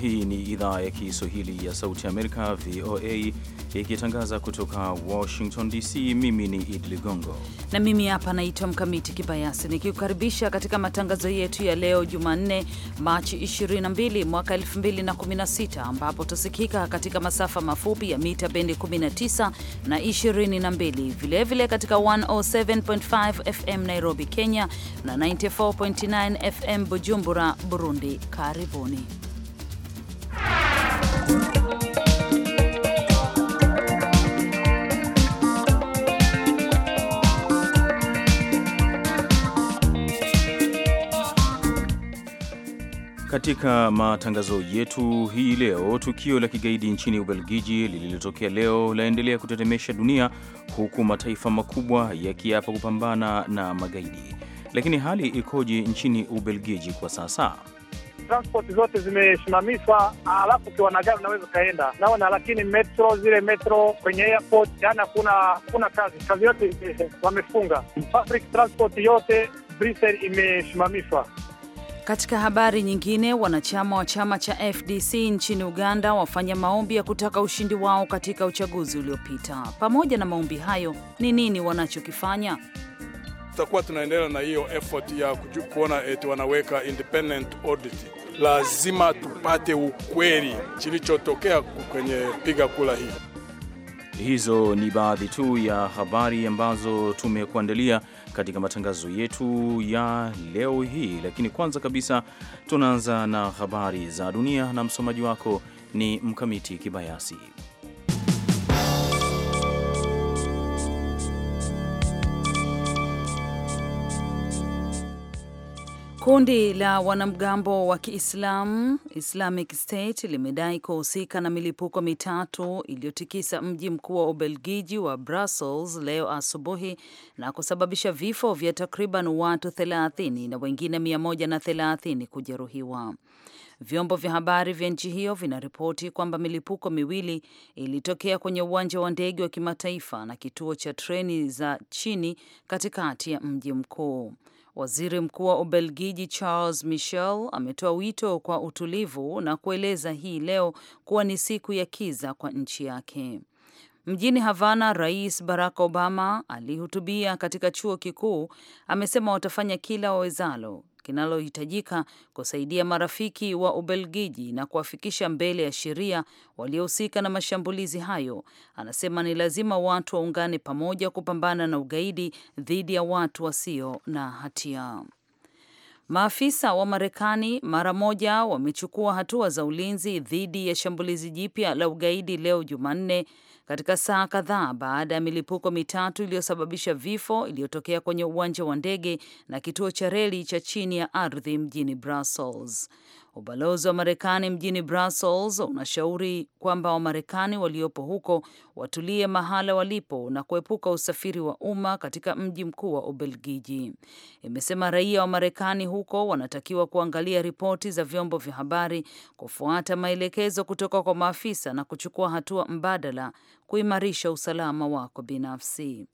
Hii ni idhaa ya Kiswahili ya Sauti Amerika, VOA, ikitangaza kutoka Washington DC. Mimi ni Idi Ligongo na mimi hapa naitwa Mkamiti Kibayasi, nikikukaribisha katika matangazo yetu ya leo Jumanne, Machi 22 mwaka 2016, ambapo tusikika katika masafa mafupi ya mita bendi 19 na 22, vilevile katika 107.5 FM Nairobi, Kenya na 94.9 FM Bujumbura, Burundi. Karibuni. Katika matangazo yetu hii leo, tukio la kigaidi nchini Ubelgiji lililotokea leo laendelea kutetemesha dunia huku mataifa makubwa yakiapa kupambana na magaidi. Lakini hali ikoje nchini Ubelgiji kwa sasa? transport zote zimesimamishwa, alafu na gari unaweza ukaenda, naona. Lakini metro zile metro kwenye airport, yani hakuna hakuna kazi, kazi yote wamefunga. Public transport yote Brussels imesimamishwa. Katika habari nyingine, wanachama wa chama cha FDC nchini Uganda wafanya maombi ya kutaka ushindi wao katika uchaguzi uliopita. Pamoja na maombi hayo, ni nini wanachokifanya? tutakuwa tunaendelea na hiyo effort ya kuona eti wanaweka independent audit. Lazima tupate ukweli kilichotokea kwenye piga kula hii. Hizo ni baadhi tu ya habari ambazo tumekuandalia katika matangazo yetu ya leo hii, lakini kwanza kabisa tunaanza na habari za dunia na msomaji wako ni Mkamiti Kibayasi. Kundi la wanamgambo wa Kiislamu Islamic State limedai kuhusika na milipuko mitatu iliyotikisa mji mkuu wa Ubelgiji wa Brussels leo asubuhi na kusababisha vifo vya takriban watu 30 na wengine 130 kujeruhiwa. Vyombo vya habari vya nchi hiyo vinaripoti kwamba milipuko miwili ilitokea kwenye uwanja wa ndege wa kimataifa na kituo cha treni za chini katikati ya mji mkuu. Waziri Mkuu wa Ubelgiji Charles Michel ametoa wito kwa utulivu na kueleza hii leo kuwa ni siku ya kiza kwa nchi yake. Mjini Havana, Rais Barack Obama alihutubia katika chuo kikuu, amesema watafanya kila wawezalo kinalohitajika kusaidia marafiki wa Ubelgiji na kuwafikisha mbele ya sheria waliohusika na mashambulizi hayo. Anasema ni lazima watu waungane pamoja kupambana na ugaidi dhidi ya watu wasio na hatia. Maafisa wa Marekani mara moja wamechukua hatua za ulinzi dhidi ya shambulizi jipya la ugaidi leo Jumanne katika saa kadhaa baada ya milipuko mitatu iliyosababisha vifo iliyotokea kwenye uwanja wa ndege na kituo cha reli cha chini ya ardhi mjini Brussels. Ubalozi wa Marekani mjini Brussels unashauri kwamba Wamarekani waliopo huko watulie mahala walipo na kuepuka usafiri wa umma katika mji mkuu wa Ubelgiji. Imesema raia wa Marekani huko wanatakiwa kuangalia ripoti za vyombo vya habari, kufuata maelekezo kutoka kwa maafisa na kuchukua hatua mbadala kuimarisha usalama wako binafsi.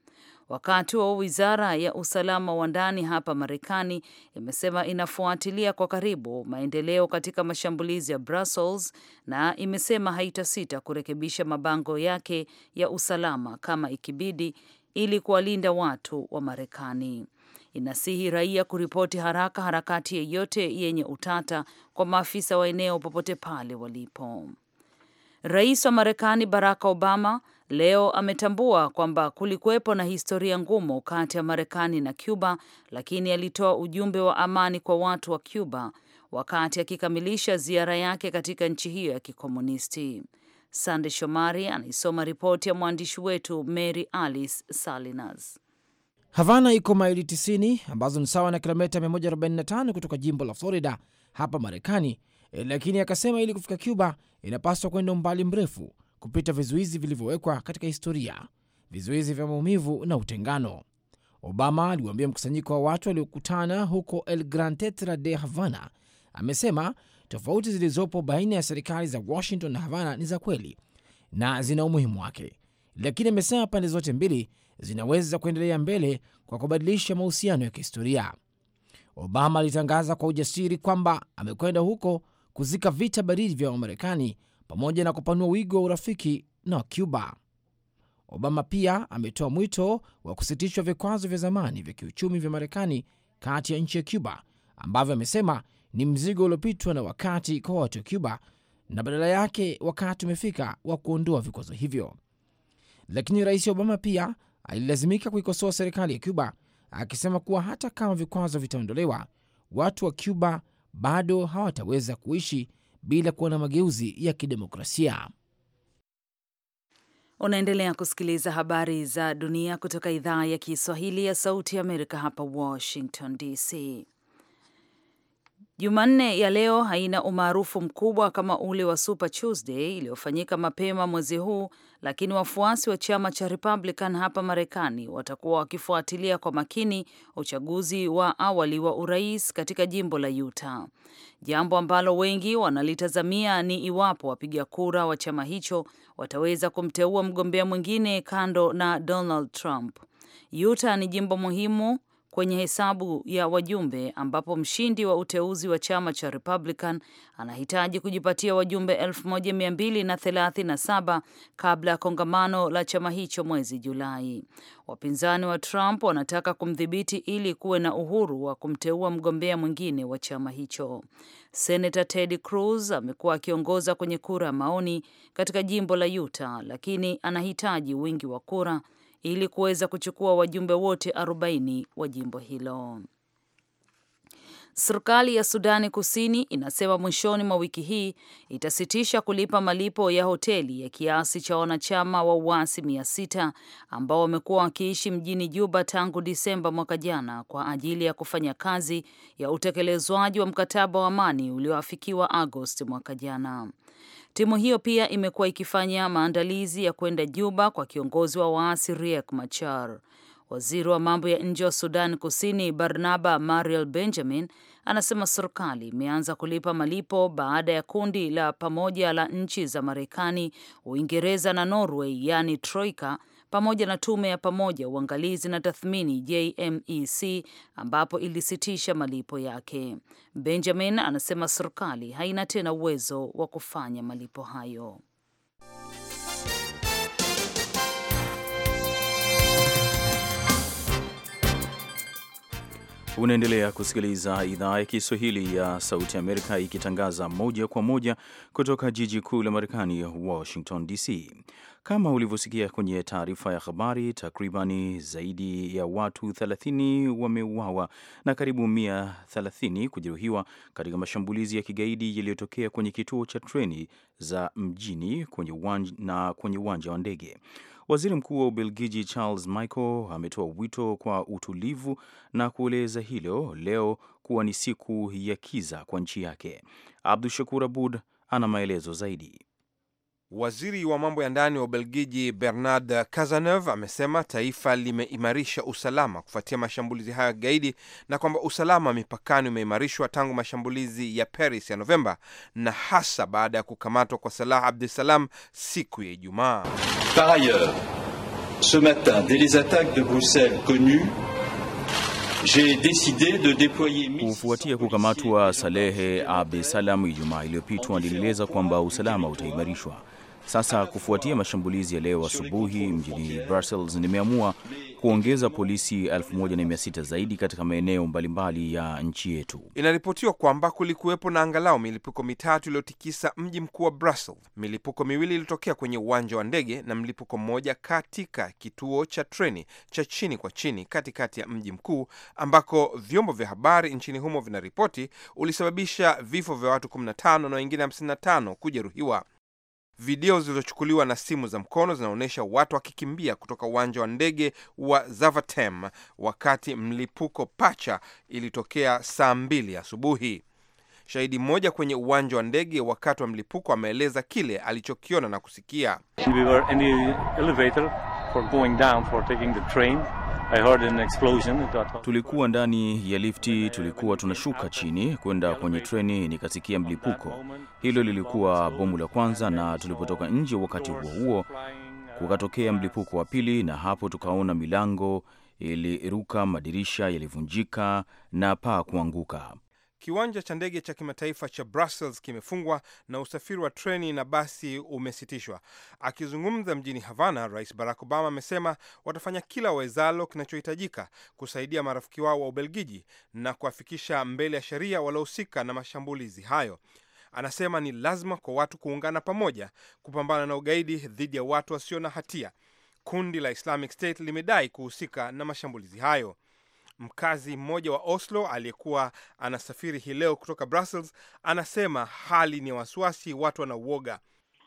Wakati wa wizara ya usalama wa ndani hapa Marekani imesema inafuatilia kwa karibu maendeleo katika mashambulizi ya Brussels na imesema haitasita kurekebisha mabango yake ya usalama kama ikibidi ili kuwalinda watu wa Marekani. Inasihi raia kuripoti haraka harakati yeyote yenye utata kwa maafisa wa eneo popote pale walipo. Rais wa Marekani Barack Obama leo ametambua kwamba kulikuwepo na historia ngumu kati ya Marekani na Cuba, lakini alitoa ujumbe wa amani kwa watu wa Cuba wakati akikamilisha ziara yake katika nchi hiyo ya kikomunisti. Sande Shomari anaisoma ripoti ya mwandishi wetu Mary Alice Salinas. Havana iko maili 90 ambazo ni sawa na kilomita 145 kutoka jimbo la Florida hapa Marekani, lakini akasema ili kufika Cuba inapaswa kwenda umbali mrefu kupita vizuizi vilivyowekwa katika historia, vizuizi vya maumivu na utengano. Obama aliwaambia mkusanyiko wa watu waliokutana huko El Gran Tetra de Havana, amesema tofauti zilizopo baina ya serikali za Washington na Havana ni za kweli na zina umuhimu wake, lakini amesema pande zote mbili zinaweza kuendelea mbele kwa kubadilisha mahusiano ya kihistoria. Obama alitangaza kwa ujasiri kwamba amekwenda huko kuzika vita baridi vya Wamarekani pamoja na kupanua wigo wa urafiki na wa Cuba. Obama pia ametoa mwito wa kusitishwa vikwazo vya zamani vya kiuchumi vya Marekani kati ya nchi ya Cuba ambavyo amesema ni mzigo uliopitwa na wakati kwa watu wa Cuba na badala yake wakati umefika wa kuondoa vikwazo hivyo. Lakini Rais Obama pia alilazimika kuikosoa serikali ya Cuba akisema kuwa hata kama vikwazo vitaondolewa, watu wa Cuba bado hawataweza kuishi bila kuwa na mageuzi ya kidemokrasia. Unaendelea kusikiliza habari za dunia kutoka idhaa ya Kiswahili ya Sauti ya Amerika hapa Washington DC. Jumanne ya leo haina umaarufu mkubwa kama ule wa Super Tuesday iliyofanyika mapema mwezi huu, lakini wafuasi wa chama cha Republican hapa Marekani watakuwa wakifuatilia kwa makini uchaguzi wa awali wa urais katika jimbo la Utah, jambo ambalo wengi wanalitazamia ni iwapo wapiga kura wa chama hicho wataweza kumteua mgombea mwingine kando na Donald Trump. Utah ni jimbo muhimu kwenye hesabu ya wajumbe ambapo mshindi wa uteuzi wa chama cha Republican anahitaji kujipatia wajumbe 1237 kabla ya kongamano la chama hicho mwezi Julai. Wapinzani wa Trump wanataka kumdhibiti ili kuwe na uhuru wa kumteua mgombea mwingine wa chama hicho. Senator Ted Cruz amekuwa akiongoza kwenye kura ya maoni katika jimbo la Utah, lakini anahitaji wingi wa kura ili kuweza kuchukua wajumbe wote 40 wa jimbo hilo. Serikali ya Sudani Kusini inasema mwishoni mwa wiki hii itasitisha kulipa malipo ya hoteli ya kiasi cha wanachama wa uasi mia sita ambao wamekuwa wakiishi mjini Juba tangu Disemba mwaka jana kwa ajili ya kufanya kazi ya utekelezwaji wa mkataba wa amani ulioafikiwa Agosti mwaka jana. Timu hiyo pia imekuwa ikifanya maandalizi ya kwenda Juba kwa kiongozi wa waasi Riek Machar. Waziri wa mambo ya nje wa Sudan Kusini Barnaba Mariel Benjamin anasema serikali imeanza kulipa malipo baada ya kundi la pamoja la nchi za Marekani, Uingereza na Norway, yaani Troika, pamoja na tume ya pamoja uangalizi na tathmini JMEC ambapo ilisitisha malipo yake. Benjamin anasema serikali haina tena uwezo wa kufanya malipo hayo. Unaendelea kusikiliza idhaa ya Kiswahili ya Sauti Amerika ikitangaza moja kwa moja kutoka jiji kuu la Marekani, Washington DC. Kama ulivyosikia kwenye taarifa ya habari, takribani zaidi ya watu 30 wameuawa na karibu 130 kujeruhiwa katika mashambulizi ya kigaidi yaliyotokea kwenye kituo cha treni za mjini kwenye uwanja, na kwenye uwanja wa ndege. Waziri Mkuu wa Ubelgiji Charles Michael ametoa wito kwa utulivu na kueleza hilo leo kuwa ni siku ya kiza kwa nchi yake. Abdu Shakur Abud ana maelezo zaidi. Waziri wa mambo ya ndani wa Ubelgiji Bernard Cazeneuve amesema taifa limeimarisha usalama kufuatia mashambulizi hayo ya kigaidi na kwamba usalama wa mipakani umeimarishwa tangu mashambulizi ya Paris ya Novemba na hasa baada ya kukamatwa kwa Salah Abdeslam siku ya Ijumaa. Par ailleurs ce matin les attaques de Bruxelles connues Kufuatia kukamatwa Salehe Abdesalamu Ijumaa iliyopitwa, nilieleza kwamba usalama utaimarishwa. Sasa kufuatia mashambulizi ya leo asubuhi mjini Brussels, nimeamua kuongeza polisi 1600 zaidi katika maeneo mbalimbali ya nchi yetu. Inaripotiwa kwamba kulikuwepo na angalau milipuko mitatu iliyotikisa mji mkuu wa Brussels. Milipuko miwili ilitokea kwenye uwanja wa ndege na mlipuko mmoja katika kituo cha treni cha chini kwa chini katikati ya mji mkuu, ambako vyombo vya habari nchini humo vinaripoti ulisababisha vifo vya watu 15 na wengine 55 kujeruhiwa. Video zilizochukuliwa na simu za mkono zinaonyesha watu wakikimbia kutoka uwanja wa ndege wa Zavatem wakati mlipuko pacha ilitokea saa mbili asubuhi. Shahidi mmoja kwenye uwanja wa ndege wakati wa mlipuko ameeleza kile alichokiona na kusikia. We were in the I heard an explosion. Tulikuwa ndani ya lifti, tulikuwa tunashuka chini kwenda kwenye treni, nikasikia mlipuko. Hilo lilikuwa bomu la kwanza, na tulipotoka nje wakati huo huo kukatokea mlipuko wa pili, na hapo tukaona milango iliruka, madirisha yalivunjika na paa kuanguka. Kiwanja cha ndege cha kimataifa cha Brussels kimefungwa na usafiri wa treni na basi umesitishwa. Akizungumza mjini Havana, Rais Barack Obama amesema watafanya kila wezalo kinachohitajika kusaidia marafiki wao wa Ubelgiji na kuwafikisha mbele ya sheria waliohusika na mashambulizi hayo. Anasema ni lazima kwa watu kuungana pamoja kupambana na ugaidi dhidi ya watu wasio na hatia. Kundi la Islamic State limedai kuhusika na mashambulizi hayo. Mkazi mmoja wa Oslo aliyekuwa anasafiri hii leo kutoka Brussels anasema hali ni wasiwasi, watu wanauoga.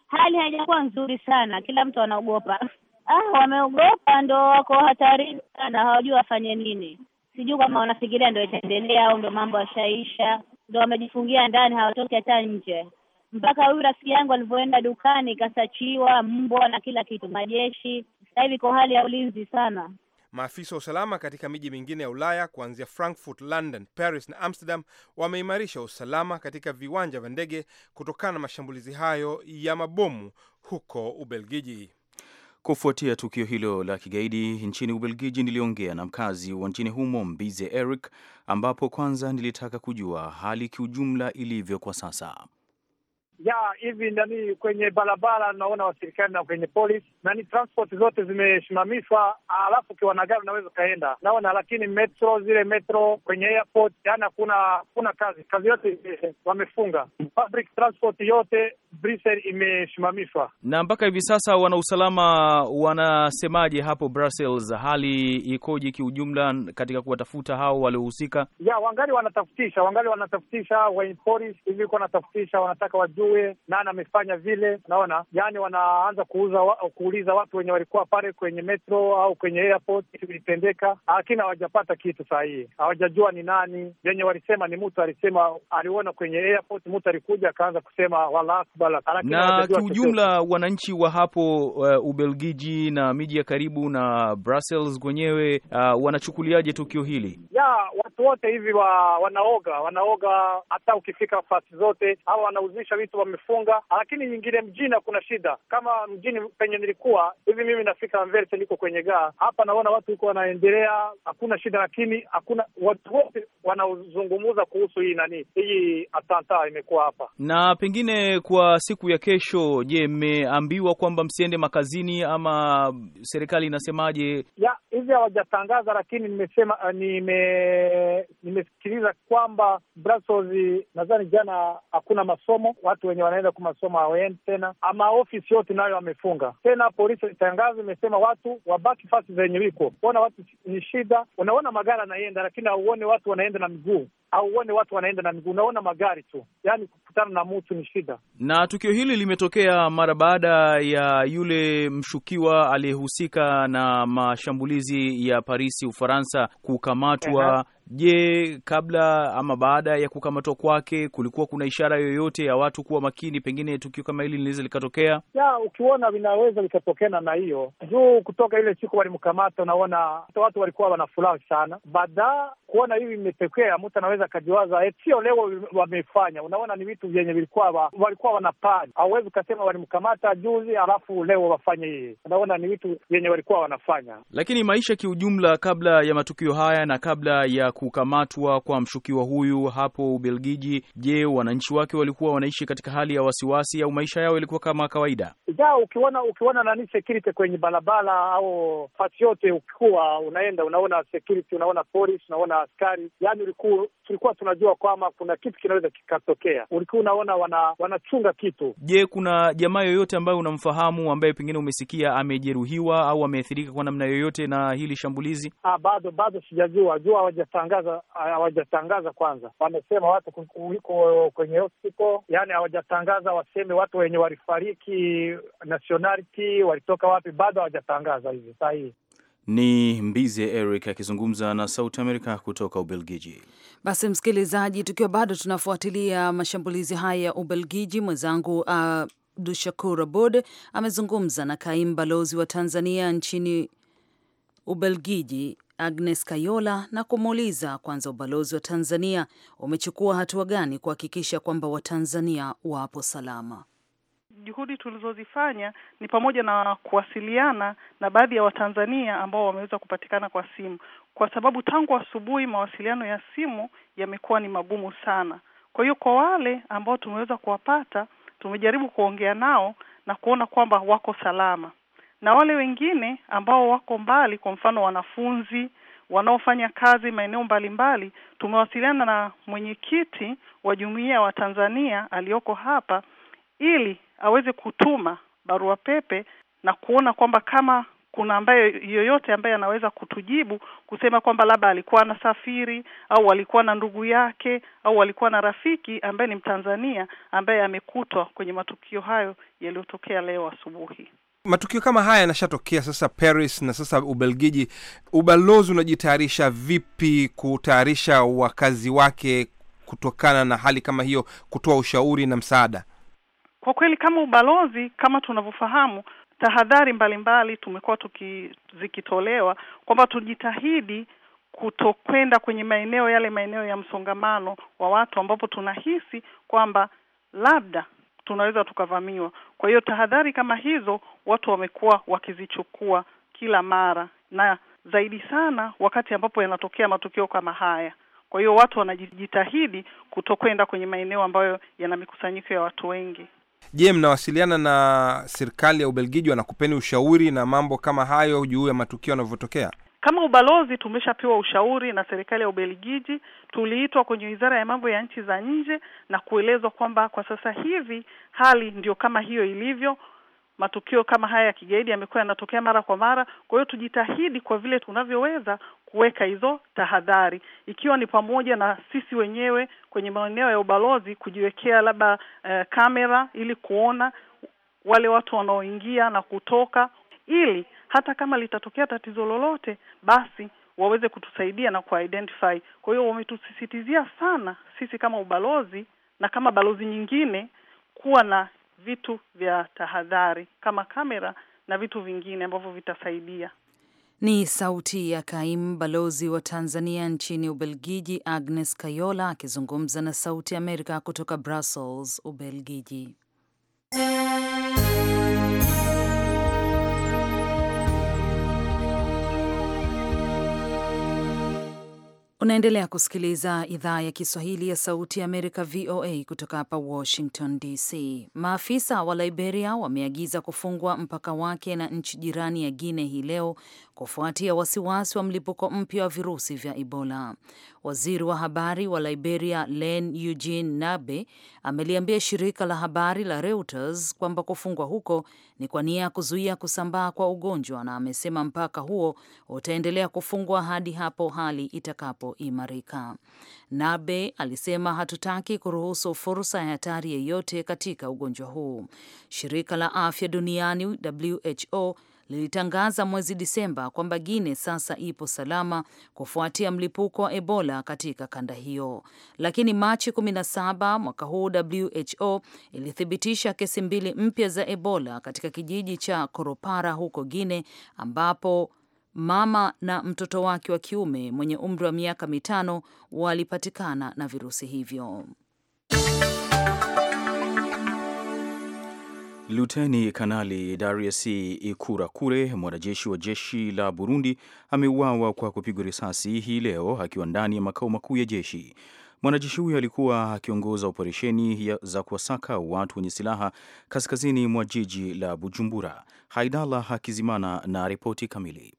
Hali haijakuwa nzuri sana, kila mtu anaogopa. Ah, wameogopa ndo wako hatarini sana, hawajui wafanye nini. Sijui kama wanafikiria ndo itaendelea au ndo mambo yashaisha, ndo wamejifungia ndani, hawatoki hata nje. Mpaka huyu rafiki yangu alivyoenda dukani, ikasachiwa mbwa na kila kitu, majeshi. Sasa hivi iko hali ya ulinzi sana. Maafisa wa usalama katika miji mingine ya Ulaya kuanzia Frankfurt, London, Paris na Amsterdam wameimarisha usalama katika viwanja vya ndege kutokana na mashambulizi hayo ya mabomu huko Ubelgiji. Kufuatia tukio hilo la kigaidi nchini Ubelgiji, niliongea na mkazi wa nchini humo Mbize Eric, ambapo kwanza nilitaka kujua hali kiujumla ilivyo kwa sasa ya hivi ndani kwenye barabara naona wasirikali na kwenye polisi nani transport zote zimesimamishwa, alafu ukiwa gari unaweza ukaenda naona, lakini metro zile metro kwenye airport, yani hakuna kuna kazi, kazi yote eh, wamefunga, public transport yote Brussels imesimamishwa, na mpaka hivi sasa wanausalama wanasemaje hapo Brussels? Hali ikoje kiujumla katika kuwatafuta hao waliohusika? Ya wangali wanatafutisha, wangali wanatafutisha, wainforce hivi wanatafutisha, wanataka wajue nani amefanya vile. Naona yani wanaanza kuuza wa, kuuliza watu wenye walikuwa pale kwenye metro au kwenye airport ilitendeka, lakini hawajapata kitu sahihi, hawajajua ni nani wenye walisema. Ni mtu alisema aliona kwenye airport, mtu alikuja akaanza kusema wala akbar na kiujumla, wananchi wa hapo uh, Ubelgiji na miji ya karibu na Brussels kwenyewe uh, wanachukuliaje tukio hili? Ya watu wote hivi wa, wanaoga wanaoga, hata ukifika fasi zote hawa wanahuzisha vitu wamefunga, lakini nyingine mjini kuna shida. Kama mjini penye nilikuwa hivi mimi nafika Anvers, niko kwenye gaa hapa, naona watu huko wanaendelea, hakuna shida, lakini hakuna watu wote wanaozungumza kuhusu hii nani hii atanta imekuwa hapa na pengine kwa siku ya kesho, je, mmeambiwa kwamba msiende makazini ama serikali inasemaje? Ya hivi hawajatangaza, lakini nimesema ah, nime- nimesikiliza kwamba Brussels, nadhani jana hakuna masomo, watu wenye wanaenda kwa masomo hawaendi tena, ama ofisi yote nayo wamefunga tena. Polisi alitangaza imesema watu wabaki fasi zenye wiko kuona watu ni shida. Unaona magari anaenda, lakini hauone watu wanaenda na miguu, hauone watu wanaenda na miguu, unaona magari tu, yani kukutana na mtu ni shida na na tukio hili limetokea mara baada ya yule mshukiwa aliyehusika na mashambulizi ya Parisi, Ufaransa, kukamatwa Je, kabla ama baada ya kukamatwa kwake kulikuwa kuna ishara yoyote ya watu kuwa makini, pengine tukio kama hili linaweza likatokea? Ya, ukiona vinaweza vikatokea na hiyo juu, kutoka ile siku walimkamata, unaona watu walikuwa wanafurahi sana. Baada kuona hivi imetokea, mtu anaweza akajiwaza eh, sio leo wamefanya. Unaona, ni vitu vyenye vilikuwa wa, walikuwa wanapani. Hauwezi ukasema walimkamata juzi alafu leo wafanye hii. Unaona, ni vitu vyenye walikuwa wanafanya. Lakini maisha kiujumla, kabla ya matukio haya na kabla ya kukamatwa kwa mshukiwa huyu hapo Ubelgiji, je, wananchi wake walikuwa wanaishi katika hali ya wasiwasi au maisha yao yalikuwa kama kawaida? Ja, ukiona ukiona nani security kwenye barabara au fasi yote, ukikuwa unaenda unaona security, unaona polisi, unaona askari, yani ulikuwa tulikuwa tunajua kwamba kuna kitu kinaweza kikatokea, ulikuwa unaona wana, wanachunga kitu. Je, kuna jamaa yoyote ambayo unamfahamu ambaye pengine umesikia amejeruhiwa au ameathirika kwa namna yoyote na hili shambulizi? Ah, bado bado sijajua jua hawajatangaza kutangaza, hawajatangaza kwanza. Wamesema watu kuliko kwenye hospital, yani hawajatangaza waseme watu wenye walifariki, nationality, walitoka wapi, bado hawajatangaza hivi saa hii. Ni Mbize Eric akizungumza na Sauti Amerika kutoka Ubelgiji. Basi msikilizaji, tukiwa bado tunafuatilia mashambulizi haya ya Ubelgiji, mwenzangu uh, Dushakur Abod amezungumza na kaimu balozi wa Tanzania nchini Ubelgiji Agnes Kayola na kumuuliza kwanza, ubalozi wa Tanzania umechukua hatua gani kuhakikisha kwamba Watanzania wapo salama? Juhudi tulizozifanya ni pamoja na kuwasiliana na baadhi ya Watanzania ambao wameweza kupatikana kwa simu, kwa sababu tangu asubuhi mawasiliano ya simu yamekuwa ni magumu sana. Kwa hiyo kwa wale ambao tumeweza kuwapata, tumejaribu kuongea nao na kuona kwamba wako salama na wale wengine ambao wako mbali, kwa mfano wanafunzi wanaofanya kazi maeneo mbalimbali. Tumewasiliana na mwenyekiti wa jumuiya wa Tanzania aliyoko hapa ili aweze kutuma barua pepe na kuona kwamba kama kuna ambaye yoyote ambaye anaweza kutujibu kusema kwamba labda alikuwa anasafiri au alikuwa na ndugu yake au alikuwa na rafiki ambaye ni Mtanzania ambaye amekutwa kwenye matukio hayo yaliyotokea leo asubuhi. Matukio kama haya yanashatokea sasa Paris na sasa Ubelgiji. Ubalozi unajitayarisha vipi kutayarisha wakazi wake kutokana na hali kama hiyo, kutoa ushauri na msaada? Kwa kweli, kama ubalozi, kama tunavyofahamu, tahadhari mbalimbali tumekuwa zikitolewa kwamba tujitahidi kutokwenda kwenye maeneo yale, maeneo ya msongamano wa watu, ambapo tunahisi kwamba labda tunaweza tukavamiwa. Kwa hiyo tahadhari kama hizo watu wamekuwa wakizichukua kila mara, na zaidi sana wakati ambapo yanatokea matukio kama haya. Kwa hiyo watu wanajitahidi kutokwenda kwenye maeneo ambayo yana mikusanyiko ya watu wengi. Je, mnawasiliana na serikali ya Ubelgiji, wanakupeni ushauri na mambo kama hayo juu ya matukio yanavyotokea? Kama ubalozi tumeshapewa ushauri na serikali ya Ubelgiji. Tuliitwa kwenye wizara ya mambo ya nchi za nje na kuelezwa kwamba kwa sasa hivi hali ndio kama hiyo ilivyo. Matukio kama haya ya kigaidi yamekuwa yanatokea mara kwa mara, kwa hiyo tujitahidi kwa vile tunavyoweza kuweka hizo tahadhari, ikiwa ni pamoja na sisi wenyewe kwenye maeneo ya ubalozi kujiwekea labda eh, kamera uh, ili kuona wale watu wanaoingia na kutoka, ili hata kama litatokea tatizo lolote, basi waweze kutusaidia na kuidentify. Kwa hiyo wametusisitizia sana sisi kama ubalozi na kama balozi nyingine kuwa na vitu vya tahadhari kama kamera na vitu vingine ambavyo vitasaidia. Ni sauti ya kaimu balozi wa Tanzania nchini Ubelgiji, Agnes Kayola akizungumza na Sauti ya Amerika kutoka Brussels, Ubelgiji. Unaendelea kusikiliza idhaa ya Kiswahili ya Sauti ya Amerika, VOA, kutoka hapa Washington DC. Maafisa wa Liberia wameagiza kufungwa mpaka wake na nchi jirani ya Guine hii leo kufuatia wasiwasi wa mlipuko mpya wa virusi vya Ebola. Waziri wa habari wa Liberia, Len Eugene Nabe, ameliambia shirika la habari la Reuters kwamba kufungwa huko ni kwa nia ya kuzuia kusambaa kwa ugonjwa, na amesema mpaka huo utaendelea kufungwa hadi hapo hali itakapo kuimarika. Nabe alisema hatutaki kuruhusu fursa ya hatari yeyote katika ugonjwa huu. Shirika la Afya Duniani WHO lilitangaza mwezi Disemba kwamba Guine sasa ipo salama kufuatia mlipuko wa Ebola katika kanda hiyo, lakini Machi 17 mwaka huu WHO ilithibitisha kesi mbili mpya za Ebola katika kijiji cha Koropara huko Guine ambapo Mama na mtoto wake wa kiume mwenye umri wa miaka mitano walipatikana na virusi hivyo. Luteni Kanali Darius kure mwanajeshi wa jeshi la Burundi, ameuawa kwa kupigwa risasi hii leo akiwa ndani ya makao makuu ya jeshi. Mwanajeshi huyo alikuwa akiongoza operesheni za kuwasaka watu wenye silaha kaskazini mwa jiji la Bujumbura. Haidala Hakizimana na ripoti kamili.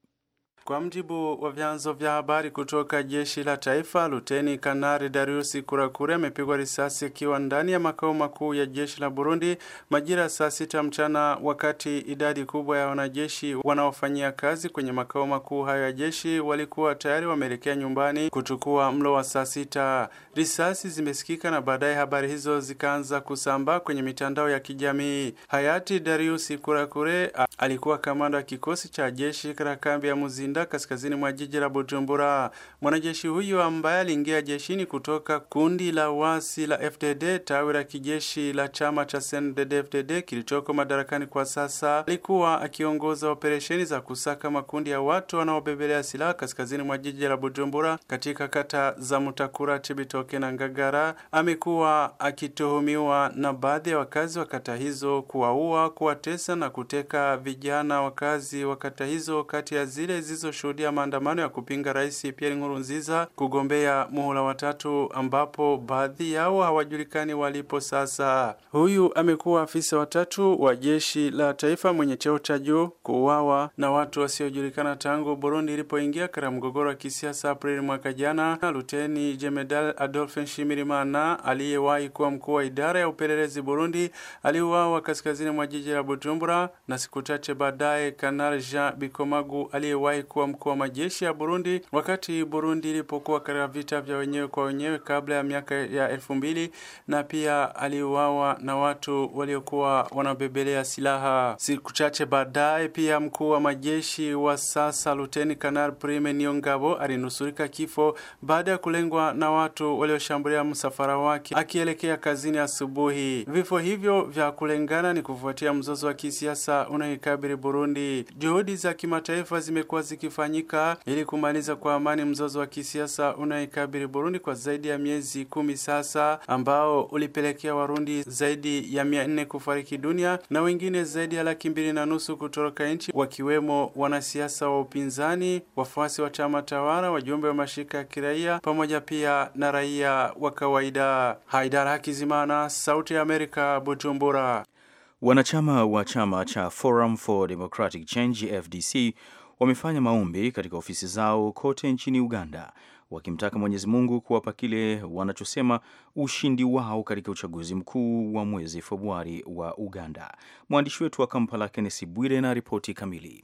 Kwa mjibu wa vyanzo vya habari kutoka jeshi la taifa, luteni kanari Darius Kurakure amepigwa risasi akiwa ndani ya makao makuu ya jeshi la Burundi majira ya saa sita mchana, wakati idadi kubwa ya wanajeshi wanaofanyia kazi kwenye makao makuu hayo ya jeshi walikuwa tayari wameelekea nyumbani kuchukua mlo wa saa sita. Risasi zimesikika na baadaye habari hizo zikaanza kusambaa kwenye mitandao ya kijamii. Hayati Darius Kurakure alikuwa kamanda wa kikosi cha jeshi katika kambi ya Muzinda Kaskazini mwa jiji la Bujumbura. Mwanajeshi huyo ambaye aliingia jeshini kutoka kundi la wasi la FDD tawi la kijeshi la chama cha CNDD-FDD kilichoko madarakani kwa sasa, alikuwa akiongoza operesheni za kusaka makundi ya watu wanaobebelea silaha kaskazini mwa jiji la Bujumbura katika kata za Mutakura, Chibitoke na Ngagara. Amekuwa akituhumiwa na baadhi ya wakazi wa kata hizo kuwaua, kuwatesa na kuteka vijana wakazi wa kata hizo, kati ya zile zilizoshuhudia maandamano ya kupinga Rais Pierre Nkurunziza kugombea muhula watatu ambapo baadhi yao hawajulikani walipo sasa. Huyu amekuwa afisa watatu wa jeshi la taifa mwenye cheo cha juu kuuawa na watu wasiojulikana tangu Burundi ilipoingia katika mgogoro wa kisiasa Aprili mwaka jana. Luteni Jemedal Adolphe Nshimirimana aliyewahi kuwa mkuu wa idara ya upelelezi Burundi aliuawa kaskazini mwa jiji la Bujumbura, na siku chache baadaye kanal Jean Bikomagu aliyewahi kuwa mkuu wa majeshi ya Burundi wakati Burundi Burundi ilipokuwa katika vita vya wenyewe kwa wenyewe kabla ya miaka ya elfu mbili na pia aliuawa na watu waliokuwa wanabebelea silaha. Siku chache baadaye, pia mkuu wa majeshi wa sasa Luteni Kanali Prime Niyongabo alinusurika kifo baada ya kulengwa na watu walioshambulia msafara wake akielekea kazini asubuhi. Vifo hivyo vya kulengana ni kufuatia mzozo wa kisiasa unaoikabili Burundi. Juhudi za kimataifa zimekuwa zikifanyika ili kumaliza kwa amani mzozo mzozo wa kisiasa unaoikabili Burundi kwa zaidi ya miezi kumi sasa, ambao ulipelekea Warundi zaidi ya mia nne kufariki dunia na wengine zaidi ya laki mbili na nusu kutoroka nchi, wakiwemo wanasiasa wa upinzani, wafuasi wa chama tawala, wajumbe wa mashirika ya kiraia, pamoja pia na raia wa kawaida. Haidara Hakizimana, Sauti ya Amerika, Bujumbura. Wanachama wa chama cha Forum for Democratic Change FDC wamefanya maombi katika ofisi zao kote nchini Uganda wakimtaka Mwenyezi Mungu kuwapa kile wanachosema ushindi wao katika uchaguzi mkuu wa mwezi Februari wa Uganda. Mwandishi wetu wa Kampala Kennesi Bwire na ripoti kamili.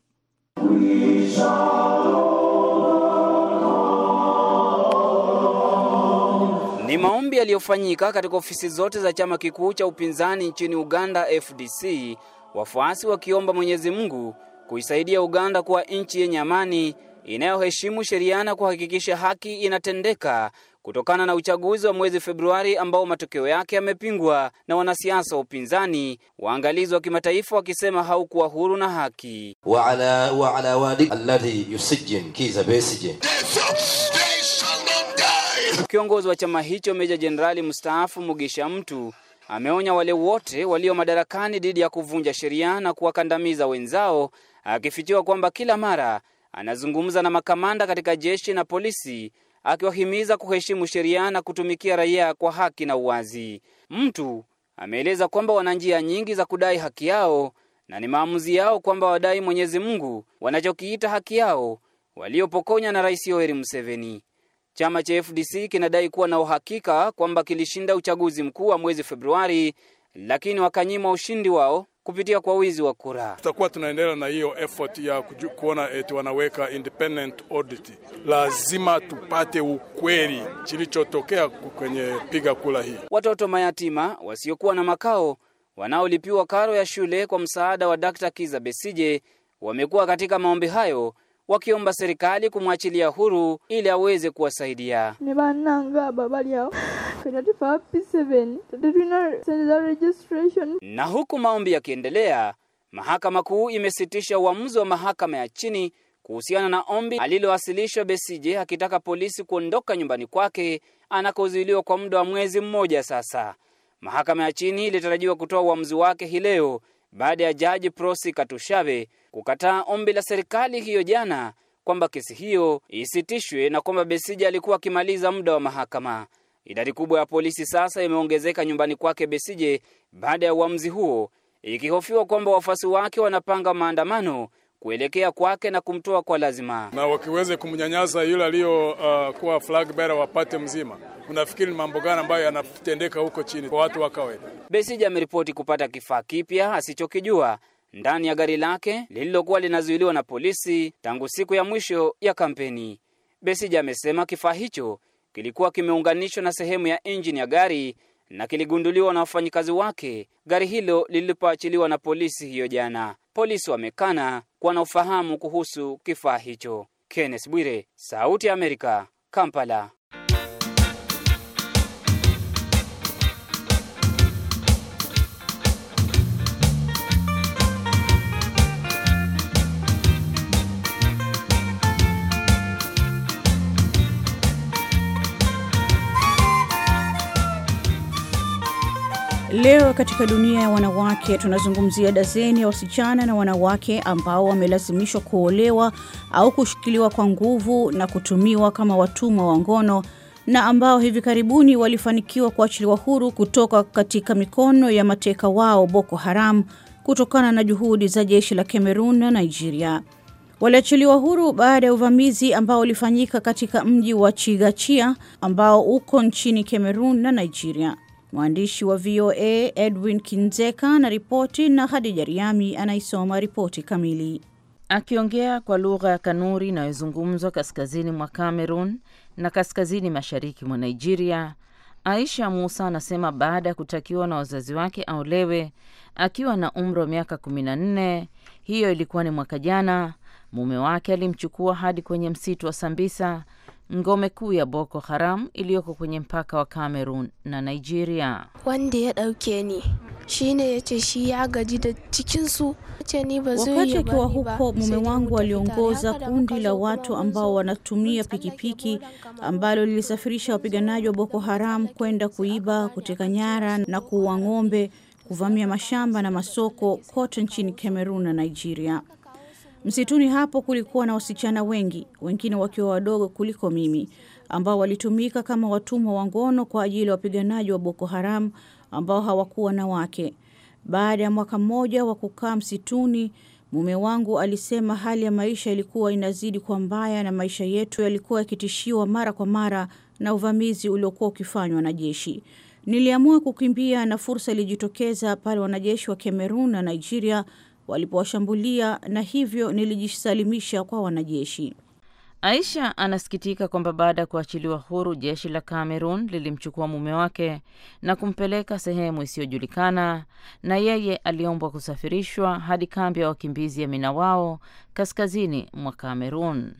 Ni maombi yaliyofanyika katika ofisi zote za chama kikuu cha upinzani nchini Uganda FDC, wafuasi wakiomba Mwenyezi Mungu kuisaidia Uganda kuwa nchi yenye amani inayoheshimu sheria na kuhakikisha haki inatendeka kutokana na uchaguzi wa mwezi Februari ambao matokeo yake yamepingwa na wanasiasa wa upinzani, waangalizi wa kimataifa wakisema haukuwa huru na haki. wa ala wa ala wadi alladhi yusijin kiza besije Kiongozi wa chama hicho Meja Jenerali mstaafu Mugisha Mtu ameonya wale wote walio madarakani dhidi ya kuvunja sheria na kuwakandamiza wenzao akifichua kwamba kila mara anazungumza na makamanda katika jeshi na polisi akiwahimiza kuheshimu sheria na kutumikia raia kwa haki na uwazi. Mtu ameeleza kwamba wana njia nyingi za kudai haki yao na ni maamuzi yao kwamba wadai Mwenyezi Mungu wanachokiita haki yao waliopokonya na Rais Yoweri Museveni. Chama cha FDC kinadai kuwa na uhakika kwamba kilishinda uchaguzi mkuu wa mwezi Februari lakini wakanyimwa ushindi wao kupitia kwa wizi wa kura. Tutakuwa tunaendelea na hiyo effort ya kuju, kuona eti wanaweka independent audit. Lazima tupate ukweli kilichotokea kwenye piga kura hii. Watoto mayatima wasiokuwa na makao wanaolipiwa karo ya shule kwa msaada wa Dr. Kiza Besije wamekuwa katika maombi hayo wakiomba serikali kumwachilia huru ili aweze kuwasaidia. ni babali yao na huku maombi yakiendelea, mahakama kuu imesitisha uamuzi wa mahakama ya chini kuhusiana na ombi alilowasilishwa Besije akitaka polisi kuondoka nyumbani kwake anakozuiliwa kwa muda wa mwezi mmoja sasa. Mahakama ya chini ilitarajiwa kutoa uamuzi wake hii leo baada ya jaji Prosi Katushave kukataa ombi la serikali hiyo jana kwamba kesi hiyo isitishwe na kwamba Besija alikuwa akimaliza muda wa mahakama. Idadi kubwa ya polisi sasa imeongezeka nyumbani kwake besije baada ya uamuzi huo, ikihofiwa kwamba wafuasi wake wanapanga maandamano kuelekea kwake na kumtoa kwa lazima, na wakiweze kumnyanyasa yule aliyokuwa uh, flag bearer wapate mzima. Unafikiri ni mambo gani ambayo yanatendeka huko chini kwa watu wa kawaida? Besigye ameripoti kupata kifaa kipya asichokijua ndani ya gari lake lililokuwa linazuiliwa na polisi tangu siku ya mwisho ya kampeni. Besija amesema kifaa hicho kilikuwa kimeunganishwa na sehemu ya injini ya gari na kiligunduliwa na wafanyikazi wake gari hilo lilipoachiliwa na polisi hiyo jana. Polisi wamekana kuwa na ufahamu kuhusu kifaa hicho. Kenneth Bwire, Sauti ya Amerika, Kampala. Leo katika dunia ya wanawake tunazungumzia dazeni ya wasichana na wanawake ambao wamelazimishwa kuolewa au kushikiliwa kwa nguvu na kutumiwa kama watumwa wa ngono na ambao hivi karibuni walifanikiwa kuachiliwa huru kutoka katika mikono ya mateka wao Boko Haram kutokana na juhudi za jeshi la Cameroon na Nigeria. Waliachiliwa huru baada ya uvamizi ambao ulifanyika katika mji wa Chigachia ambao uko nchini cameron na Nigeria. Mwandishi wa VOA Edwin Kinzeka na ripoti na Hadija Riami anaisoma ripoti kamili. Akiongea kwa lugha ya Kanuri inayozungumzwa kaskazini mwa Cameroon na kaskazini mashariki mwa Nigeria, Aisha Musa anasema baada ya kutakiwa na wazazi wake aolewe akiwa na umri wa miaka 14, hiyo ilikuwa ni mwaka jana, mume wake alimchukua hadi kwenye msitu wa Sambisa ngome kuu ya Boko Haram iliyoko kwenye mpaka wa Cameroon na Nigeria. Wanda ya dauke ni shine yace shi ya gaji da cikinsu. Wakati akiwa huko, mume wangu aliongoza kundi la watu ambao wanatumia pikipiki ambalo lilisafirisha wapiganaji wa Boko Haram kwenda kuiba, kuteka nyara na kuua ng'ombe, kuvamia mashamba na masoko kote nchini Cameroon na Nigeria. Msituni hapo kulikuwa na wasichana wengi, wengine wakiwa wadogo kuliko mimi, ambao walitumika kama watumwa wa ngono kwa ajili ya wapiganaji wa Boko Haram ambao hawakuwa na wake. Baada ya mwaka mmoja wa kukaa msituni, mume wangu alisema hali ya maisha ilikuwa inazidi kuwa mbaya na maisha yetu yalikuwa yakitishiwa mara kwa mara na uvamizi uliokuwa ukifanywa na jeshi. Niliamua kukimbia na fursa ilijitokeza pale wanajeshi wa Kamerun na Nigeria walipowashambulia na hivyo nilijisalimisha kwa wanajeshi. Aisha anasikitika kwamba baada ya kuachiliwa huru jeshi la kamerun lilimchukua mume wake na kumpeleka sehemu isiyojulikana, na yeye aliombwa kusafirishwa hadi kambi ya wakimbizi ya Minawao kaskazini mwa Cameroon.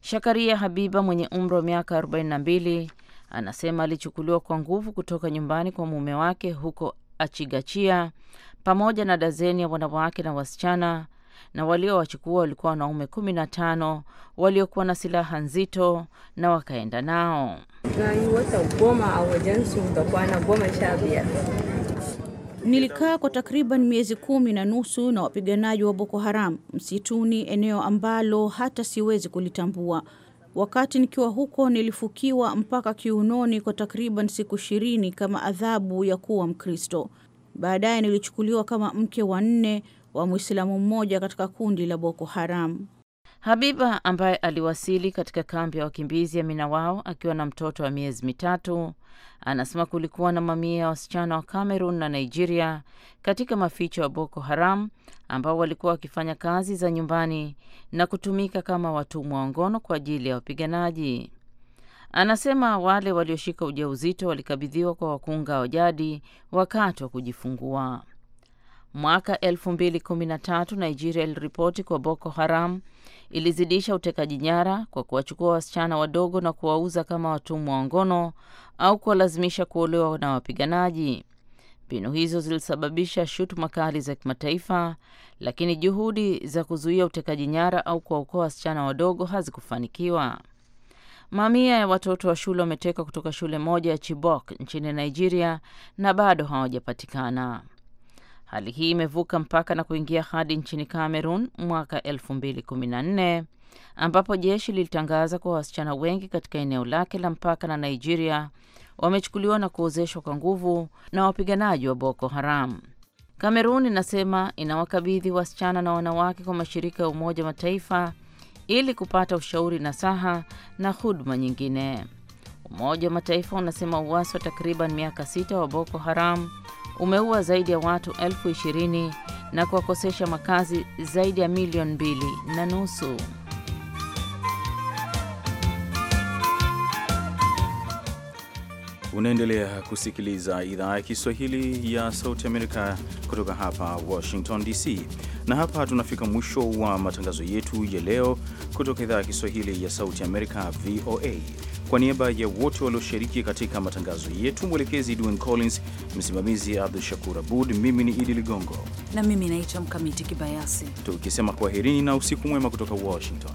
Shakaria Habiba mwenye umri wa miaka 42 anasema alichukuliwa kwa nguvu kutoka nyumbani kwa mume wake huko Achigachia pamoja na dazeni ya wanawake na wasichana, na waliowachukua walikuwa wanaume kumi na tano waliokuwa na silaha nzito na wakaenda nao. Nilikaa kwa takriban miezi kumi na nusu na wapiganaji wa Boko Haram msituni, eneo ambalo hata siwezi kulitambua. Wakati nikiwa huko nilifukiwa mpaka kiunoni kwa takriban siku ishirini kama adhabu ya kuwa Mkristo. Baadaye nilichukuliwa kama mke wa nne wa Mwislamu mmoja katika kundi la Boko Haram. Habiba ambaye aliwasili katika kambi ya wakimbizi ya Minawao akiwa na mtoto wa miezi mitatu, anasema kulikuwa na mamia ya wasichana wa Cameroon na Nigeria katika maficho ya Boko Haram ambao walikuwa wakifanya kazi za nyumbani na kutumika kama watumwa wa ngono kwa ajili ya wapiganaji. Anasema wale walioshika ujauzito walikabidhiwa kwa wakunga wa jadi wakati wa kujifungua. Mwaka 2013 Nigeria iliripoti kwa Boko Haram ilizidisha utekaji nyara kwa kuwachukua wasichana wadogo na kuwauza kama watumwa wa ngono au kuwalazimisha kuolewa na wapiganaji. Mbinu hizo zilisababisha shutuma kali za kimataifa, lakini juhudi za kuzuia utekaji nyara au kuwaokoa wasichana wadogo hazikufanikiwa. Mamia ya watoto wa shule wametekwa kutoka shule moja ya Chibok nchini Nigeria na bado hawajapatikana. Hali hii imevuka mpaka na kuingia hadi nchini Cameroon mwaka 2014 ambapo jeshi lilitangaza kuwa wasichana wengi katika eneo lake la mpaka na Nigeria wamechukuliwa na kuozeshwa kwa nguvu na wapiganaji wa Boko Haram. Kamerun inasema inawakabidhi wasichana na wanawake kwa mashirika ya Umoja Mataifa ili kupata ushauri na saha na huduma nyingine. Umoja wa Mataifa unasema uasi wa takriban miaka sita wa Boko Haram umeua zaidi ya watu elfu ishirini na kuwakosesha makazi zaidi ya milioni mbili na nusu. Unaendelea kusikiliza idhaa ya Kiswahili ya Sauti Amerika kutoka hapa Washington DC, na hapa tunafika mwisho wa matangazo yetu ya leo kutoka idhaa ya Kiswahili ya Sauti Amerika, VOA. Kwa niaba ya wote walioshiriki katika matangazo yetu, mwelekezi Dwayne Collins, msimamizi Abdu Shakur Abud, mimi ni Idi Ligongo na mimi naitwa Mkamiti Kibayasi, tukisema kwaherini na usiku mwema kutoka Washington.